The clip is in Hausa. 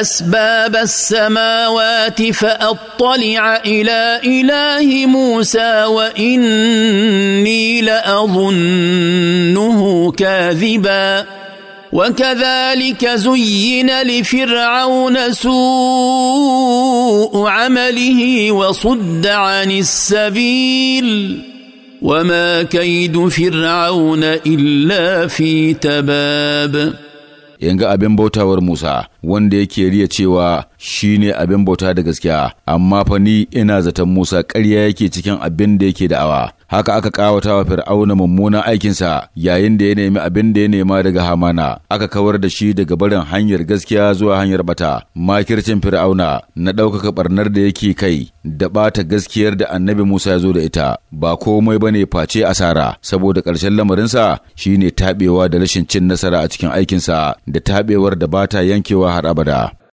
اسباب السماوات فاطلع الى اله موسى واني لاظنه كاذبا وكذلك زين لفرعون سوء عمله وصد عن السبيل وما كيد فرعون الا في تباب yanga abin bautawar Musa wanda yake riya cewa shi ne abin bauta da gaskiya amma fa ni ina zaton Musa ƙarya yake cikin abin da yake da'awa haka aka kawata wa fir'auna mummunan aikinsa yayin da ya nemi abin da ya nema daga hamana aka kawar da shi daga barin hanyar gaskiya zuwa hanyar bata makircin fir'auna na ɗaukaka ɓarnar da yake kai da ɓata gaskiyar da annabi musa ya zo da ita ba komai bane face asara saboda ƙarshen lamarinsa shine taɓewa da rashin cin nasara a cikin aikinsa da taɓewar da bata yankewa har abada